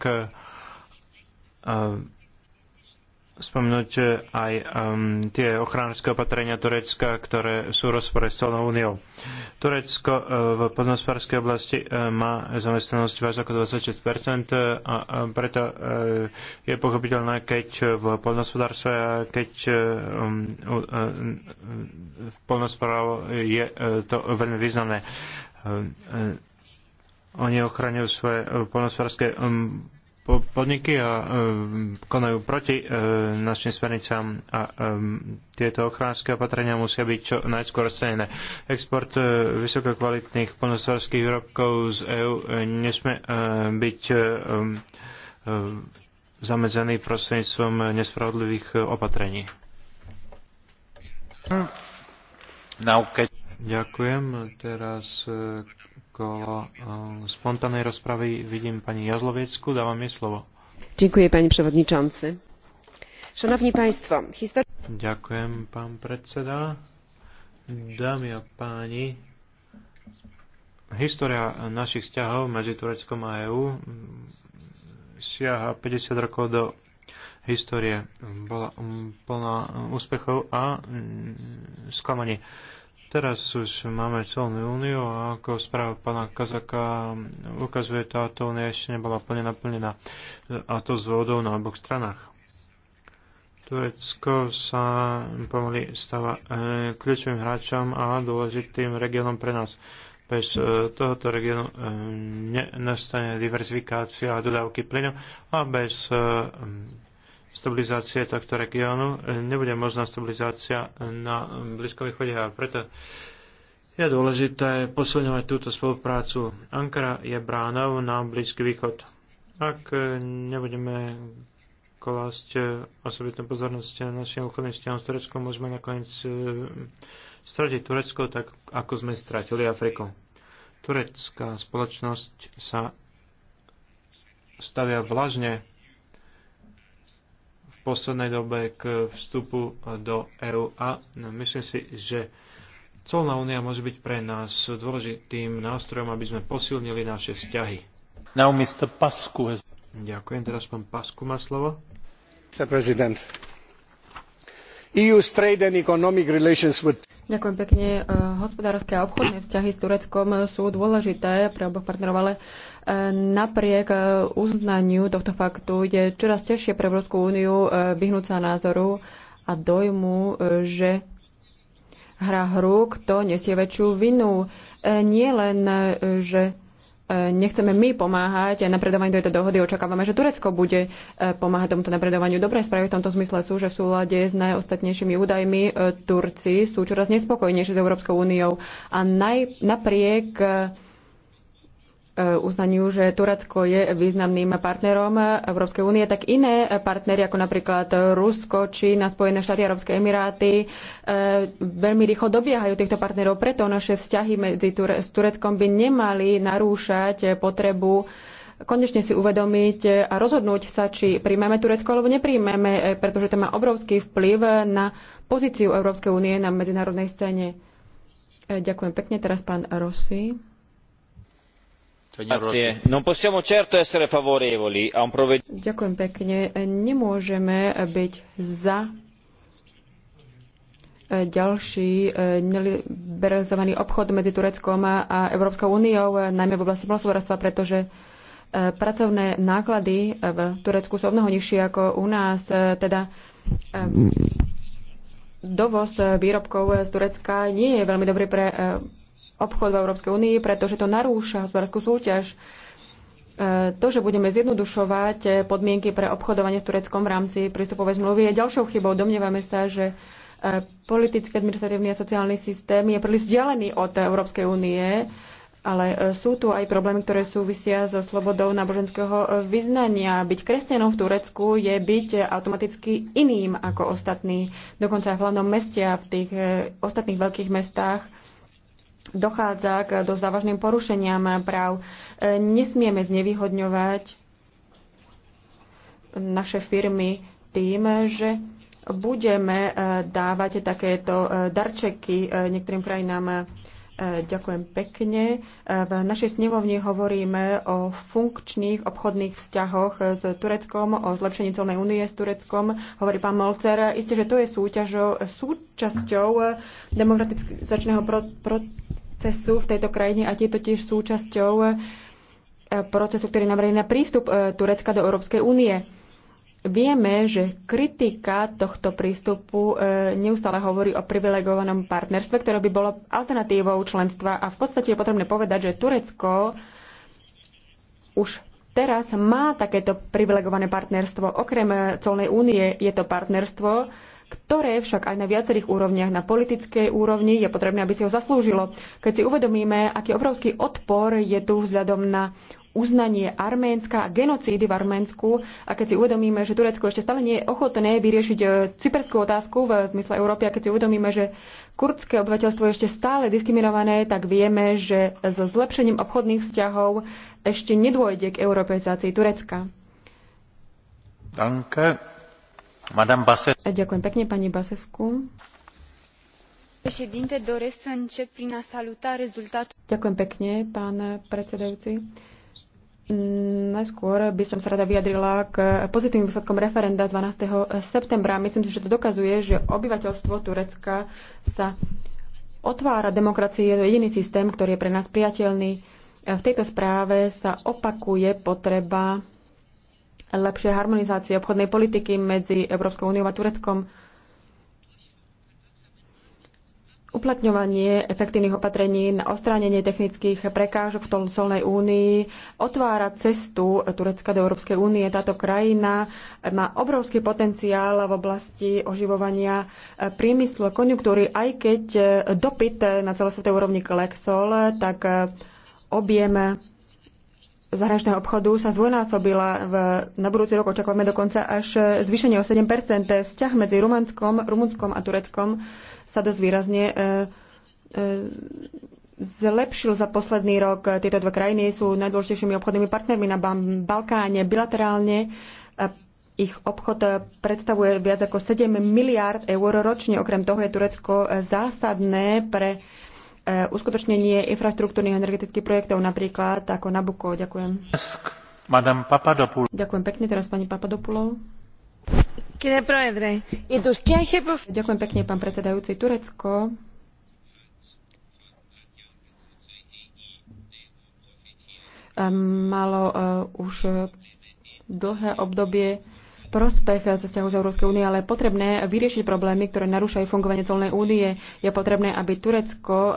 spomenúť aj um, tie ochránske opatrenia Turecka, ktoré sú v rozpore s celou úniou. Turecko uh, v podnospárskej oblasti uh, má zamestnanosť viac ako 26% a preto uh, je pochopiteľné, keď v podnospodárstve a keď uh, um, uh, uh, v podnospodárstve je uh, to veľmi významné. Uh, uh, oni ochraňujú svoje uh, podnospodárske um, podniky a e, konajú proti e, našim smernicám a e, tieto ochránske opatrenia musia byť čo najskôr scenené. Export vysokokvalitných poľnohospodárských výrobkov z EÚ nesme byť zamedzený prostredníctvom nespravodlivých opatrení. Ďakujem. Teraz Eh, spontánnej rozpravy vidím pani Dávam jej slovo. pani Państwo, historia... Ďakujem, pán predseda. Dámy a páni, história našich vzťahov medzi Tureckom a EÚ mm, siaha 50 rokov do histórie. Bola mm, plná eh, úspechov a mm, sklamaní. Teraz už máme celnú úniu a ako správa pána Kazaka ukazuje, táto únia ešte nebola plne naplnená a to z vodou na oboch stranách. Turecko sa pomaly stáva e, kľúčovým hráčom a dôležitým regiónom pre nás. Bez e, tohoto regiónu e, eh, nenastane diverzifikácia a dodávky plynu a bez e, stabilizácie tohto regiónu. Nebude možná stabilizácia na Blízkom východe a preto je dôležité posilňovať túto spoluprácu. Ankara je bránou na Blízky východ. Ak nebudeme klásť osobitnú pozornosť našim obchodným vzťahom s Tureckom, môžeme nakoniec e, stratiť Turecko tak, ako sme stratili Afriku. Turecká spoločnosť sa stavia vlažne poslednej dobe k vstupu do EÚ a myslím si, že colná únia môže byť pre nás dôležitým nástrojom, aby sme posilnili naše vzťahy. Now, Mr. Pasku has... Ďakujem. Teraz pán Pasku má slovo. Mr. President, EU's trade and economic relations with Ďakujem pekne. E, hospodárske a obchodné vzťahy s Tureckom sú dôležité pre oboch partnerov, ale e, napriek e, uznaniu tohto faktu je čoraz ťažšie pre Európsku úniu vyhnúť sa názoru a dojmu, že hra hru, kto nesie väčšiu vinu. Nie len, že E, nechceme my pomáhať napredovaniu tejto dohody, očakávame, že Turecko bude e, pomáhať tomuto napredovaniu. Dobré správy v tomto zmysle sú, že v súlade s najostatnejšími údajmi e, Turci sú čoraz nespokojnejšie s Európskou úniou a naj, napriek E, uznaniu, že Turecko je významným partnerom Európskej únie, tak iné partnery, ako napríklad Rusko, či na Spojené štáty, Európskej Emiráty, e, veľmi rýchlo dobiehajú týchto partnerov. Preto naše vzťahy medzi Ture- s Tureckom by nemali narúšať potrebu konečne si uvedomiť a rozhodnúť sa, či príjmeme Turecko alebo nepríjmeme, e, pretože to má obrovský vplyv na pozíciu Európskej únie na medzinárodnej scéne. Ďakujem pekne. Teraz pán Rossi. Ďakujem pekne. Nemôžeme byť za ďalší eh, neliberalizovaný obchod medzi Tureckom a Európskou úniou, eh, najmä v oblasti plnospodárstva, pretože eh, pracovné náklady v Turecku sú mnoho nižšie ako u nás. Teda dovoz výrobkov z Turecka nie je veľmi dobrý pre obchod v Európskej únii, pretože to narúša hospodárskú súťaž. E, to, že budeme zjednodušovať podmienky pre obchodovanie s Tureckom v rámci prístupovej zmluvy, je ďalšou chybou. Domnievame sa, že e, politický, administratívny a sociálny systém je príliš vzdialený od Európskej únie, ale e, sú tu aj problémy, ktoré súvisia so slobodou náboženského vyznania. Byť kresťanom v Turecku je byť automaticky iným ako ostatní. Dokonca aj v hlavnom meste a v tých ostatných veľkých mestách dochádza k dosť závažným porušeniam práv. E, nesmieme znevýhodňovať naše firmy tým, že budeme e, dávať takéto e, darčeky niektorým krajinám. Ďakujem pekne. V našej snevovni hovoríme o funkčných obchodných vzťahoch s Tureckom, o zlepšení celnej únie s Tureckom. Hovorí pán Molcer, isté, že to je súťažo, súčasťou demokratizačného pro, pro, procesu v tejto krajine a tie totiž súčasťou e, procesu, ktorý navrhuje na prístup e, Turecka do Európskej únie. Vieme, že kritika tohto prístupu e, neustále hovorí o privilegovanom partnerstve, ktoré by bolo alternatívou členstva a v podstate je potrebné povedať, že Turecko už teraz má takéto privilegované partnerstvo. Okrem colnej únie je to partnerstvo, ktoré však aj na viacerých úrovniach, na politickej úrovni je potrebné, aby si ho zaslúžilo. Keď si uvedomíme, aký obrovský odpor je tu vzhľadom na uznanie Arménska a genocídy v Arménsku a keď si uvedomíme, že Turecko ešte stále nie je ochotné vyriešiť e, cyperskú otázku v zmysle Európy a keď si uvedomíme, že kurdské obyvateľstvo je ešte stále diskriminované, tak vieme, že so zlepšením obchodných vzťahov ešte nedôjde k europeizácii Turecka. Danke. E, ďakujem pekne, pani Basescu. Ďakujem pekne, pán predsedajúci. Najskôr by som sa rada vyjadrila k pozitívnym výsledkom referenda 12. septembra. Myslím si, že to dokazuje, že obyvateľstvo Turecka sa otvára demokracie, je to jediný systém, ktorý je pre nás priateľný. V tejto správe sa opakuje potreba lepšie harmonizácie obchodnej politiky medzi Európskou úniou a Tureckom. Uplatňovanie efektívnych opatrení na ostránenie technických prekážok v solnej únii otvára cestu Turecka do Európskej únie. Táto krajina má obrovský potenciál v oblasti oživovania priemyslu a konjunktúry, aj keď dopyt na celosvetovej úrovni klesol, tak objem zahraničného obchodu sa zdvojnásobila. V, na budúci rok očakávame dokonca až zvýšenie o 7 Vzťah medzi Rumanskom, Rumunskom a Tureckom sa dosť výrazne e, e, zlepšil za posledný rok. Tieto dve krajiny sú najdôležitejšími obchodnými partnermi na Balkáne. Bilaterálne ich obchod predstavuje viac ako 7 miliárd eur ročne. Okrem toho je Turecko zásadné pre E, uskutočnenie infraštruktúrnych energetických projektov, napríklad ako Nabuko. Ďakujem. Ďakujem pekne, teraz pani Papadopoulou. Ďakujem pekne, pán predsedajúci. Turecko e, malo e, už dlhé obdobie prospech zo vzťahu z Európskej únie, ale je potrebné vyriešiť problémy, ktoré narúšajú fungovanie celnej únie. Je potrebné, aby Turecko eh,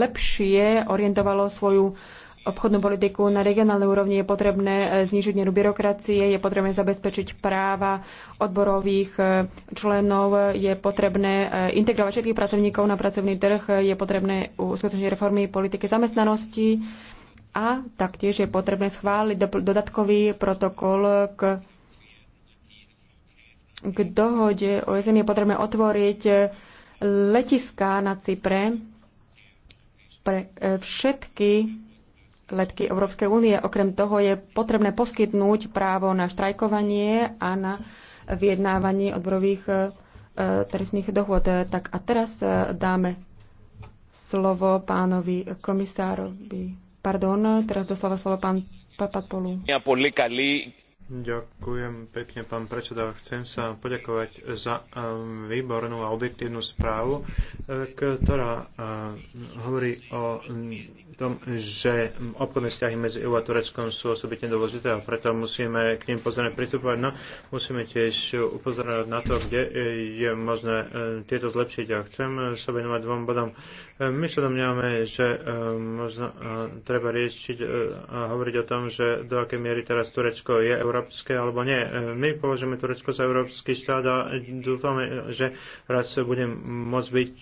lepšie orientovalo svoju obchodnú politiku na regionálnej úrovni. Je potrebné eh, znižiť mieru byrokracie, je potrebné zabezpečiť práva odborových eh, členov, je potrebné integrovať všetkých pracovníkov na pracovný trh, je potrebné uskutočniť reformy politiky zamestnanosti a taktiež je potrebné schváliť dodatkový protokol k k dohode o OSN je potrebné otvoriť e, letiská na Cypre pre e, všetky letky Európskej únie. Okrem toho je potrebné poskytnúť právo na štrajkovanie a na vyjednávanie odborových e, tarifných dohôd. Tak a teraz dáme slovo pánovi komisárovi. Pardon, teraz doslova slovo pán Papadpolu. Ďakujem pekne, pán predseda. Chcem sa poďakovať za eh, výbornú a objektívnu správu, eh, ktorá eh, hovorí o mm, tom, že obchodné vzťahy medzi EU a Tureckom sú osobitne dôležité a preto musíme k ním pozorne pristupovať. No, musíme tiež upozorňovať na to, kde je možné tieto zlepšiť. A chcem sa venovať dvom bodom. My sa domňujeme, že e, možno e, treba riešiť e, a hovoriť o tom, že do akej miery teraz Turecko je európske alebo nie. My považujeme Turecko za európsky štát a dúfame, že raz budem môcť byť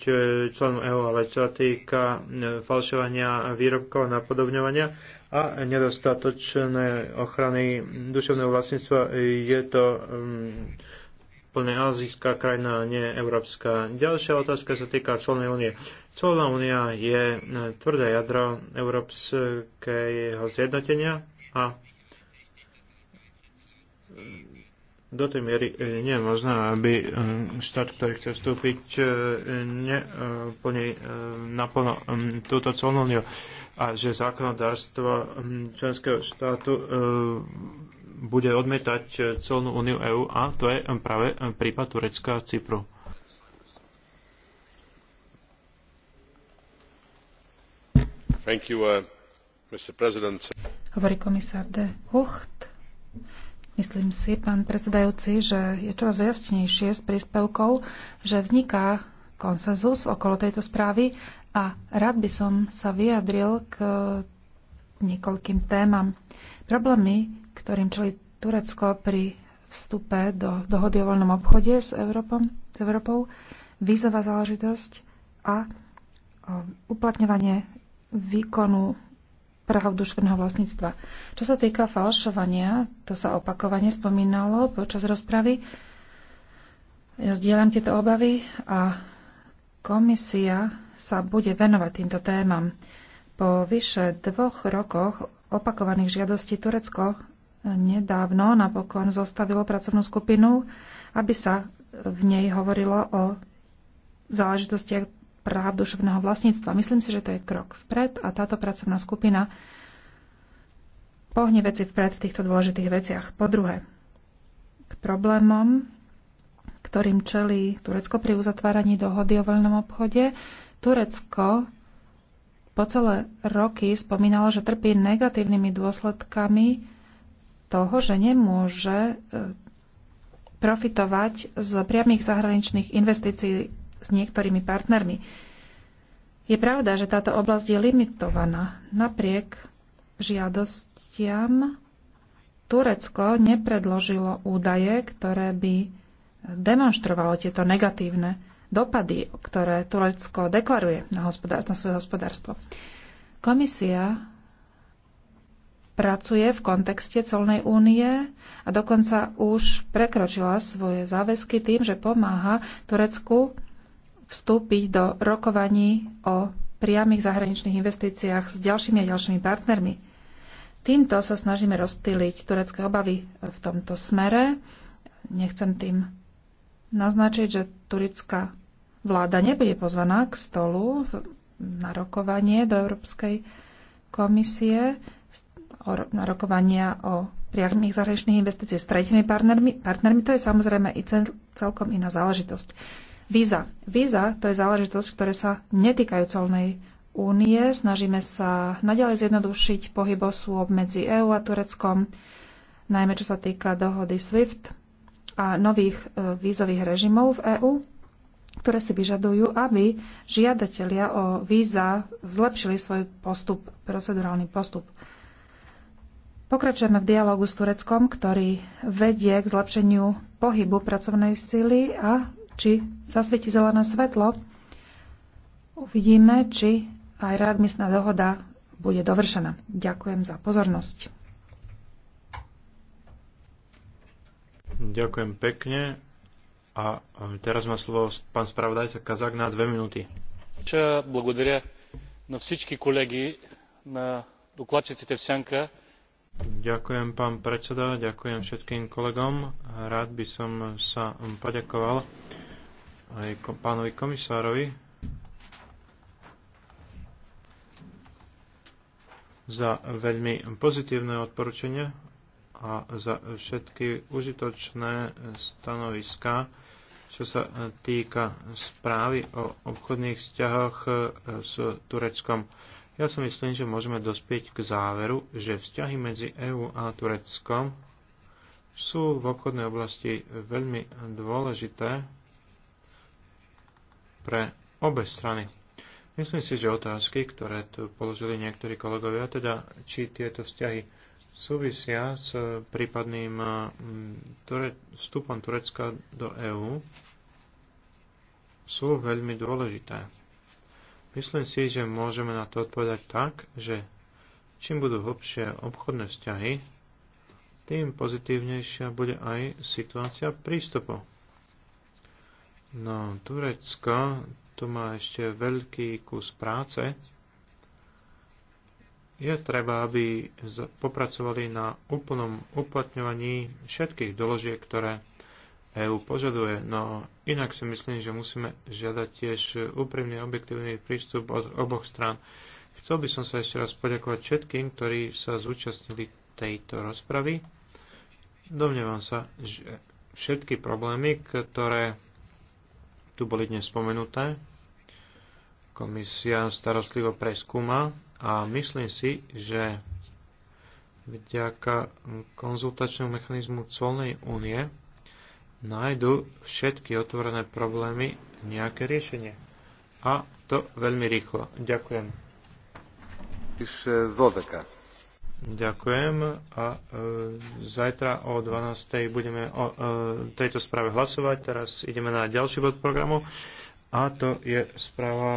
členom EÚ, ale čo týka falšovania výrobkov a napodobňovania a nedostatočné ochrany duševného vlastníctva, je to mm, plne azijská krajina, nie európska. Ďalšia otázka sa týka colnej únie. Colná únia je e, tvrdé jadro európskeho zjednotenia a do tej miery e, nie je možné, aby e, štát, ktorý chce vstúpiť, neplní naplno túto colnú úniu a že zákonodárstvo členského štátu bude odmietať e, celnú úniu EÚ a to je e, práve e, prípad Turecka a Cypru. Thank you, uh, Mr. President. Hovorí komisár de Hucht. Myslím si, pán predsedajúci, že je čoraz jasnejšie s príspevkou, že vzniká konsenzus okolo tejto správy a rád by som sa vyjadril k niekoľkým témam. Problémy, ktorým čeli Turecko pri vstupe do dohody o voľnom obchode s, Európom, s Európou, vízová záležitosť a uplatňovanie výkonu práv duševného vlastníctva. Čo sa týka falšovania, to sa opakovane spomínalo počas rozpravy. Ja zdieľam tieto obavy a komisia sa bude venovať týmto témam. Po vyše dvoch rokoch opakovaných žiadostí Turecko nedávno napokon zostavilo pracovnú skupinu, aby sa v nej hovorilo o záležitostiach práv duševného vlastníctva. Myslím si, že to je krok vpred a táto pracovná skupina pohne veci vpred v týchto dôležitých veciach. Po druhé, k problémom, ktorým čelí Turecko pri uzatváraní dohody o voľnom obchode. Turecko po celé roky spomínalo, že trpí negatívnymi dôsledkami toho, že nemôže e, profitovať z priamých zahraničných investícií s niektorými partnermi. Je pravda, že táto oblasť je limitovaná. Napriek žiadostiam Turecko nepredložilo údaje, ktoré by demonstrovalo tieto negatívne dopady, ktoré Turecko deklaruje na, hospodár, na svoje hospodárstvo. Komisia pracuje v kontexte colnej únie a dokonca už prekročila svoje záväzky tým, že pomáha Turecku vstúpiť do rokovaní o priamých zahraničných investíciách s ďalšími a ďalšími partnermi. Týmto sa snažíme rozptýliť turecké obavy v tomto smere. Nechcem tým naznačiť, že turecká vláda nebude pozvaná k stolu na rokovanie do Európskej komisie na rokovania o priamých zahraničných investícií s tretimi partnermi, partnermi, to je samozrejme i celkom iná záležitosť. Víza. Víza to je záležitosť, ktoré sa netýkajú celnej únie. Snažíme sa naďalej zjednodušiť pohyb osôb medzi EÚ a Tureckom, najmä čo sa týka dohody SWIFT a nových e, vízových režimov v EÚ ktoré si vyžadujú, aby žiadatelia o víza zlepšili svoj postup, procedurálny postup. Pokračujeme v dialogu s Tureckom, ktorý vedie k zlepšeniu pohybu pracovnej sily a či zasvieti zelené svetlo, uvidíme, či aj readmisná dohoda bude dovršená. Ďakujem za pozornosť. Ďakujem pekne. A teraz má slovo pán spravodajca Kazak na dve minúty. Благодаря на всички колеги, на докладчиците в Сянка, Ďakujem, pán predseda, ďakujem všetkým kolegom. Rád by som sa poďakoval aj pánovi komisárovi za veľmi pozitívne odporúčania a za všetky užitočné stanoviská, čo sa týka správy o obchodných vzťahoch s Tureckom. Ja si myslím, že môžeme dospieť k záveru, že vzťahy medzi EÚ a Tureckom sú v obchodnej oblasti veľmi dôležité pre obe strany. Myslím si, že otázky, ktoré tu položili niektorí kolegovia, teda či tieto vzťahy súvisia s prípadným mm, vstupom Turecka do EÚ, sú veľmi dôležité. Myslím si, že môžeme na to odpovedať tak, že čím budú hlbšie obchodné vzťahy, tým pozitívnejšia bude aj situácia prístupu. No, Turecko tu má ešte veľký kus práce. Je treba, aby popracovali na úplnom uplatňovaní všetkých doložiek, ktoré EÚ požaduje, no inak si myslím, že musíme žiadať tiež úprimný objektívny prístup od oboch strán. Chcel by som sa ešte raz poďakovať všetkým, ktorí sa zúčastnili tejto rozpravy. Domnievam sa, že všetky problémy, ktoré tu boli dnes spomenuté, komisia starostlivo preskúma a myslím si, že vďaka konzultačnému mechanizmu colnej únie nájdu všetky otvorené problémy nejaké riešenie. A to veľmi rýchlo. Ďakujem. E, Ďakujem a e, zajtra o 12.00 budeme o e, tejto správe hlasovať. Teraz ideme na ďalší bod programu a to je správa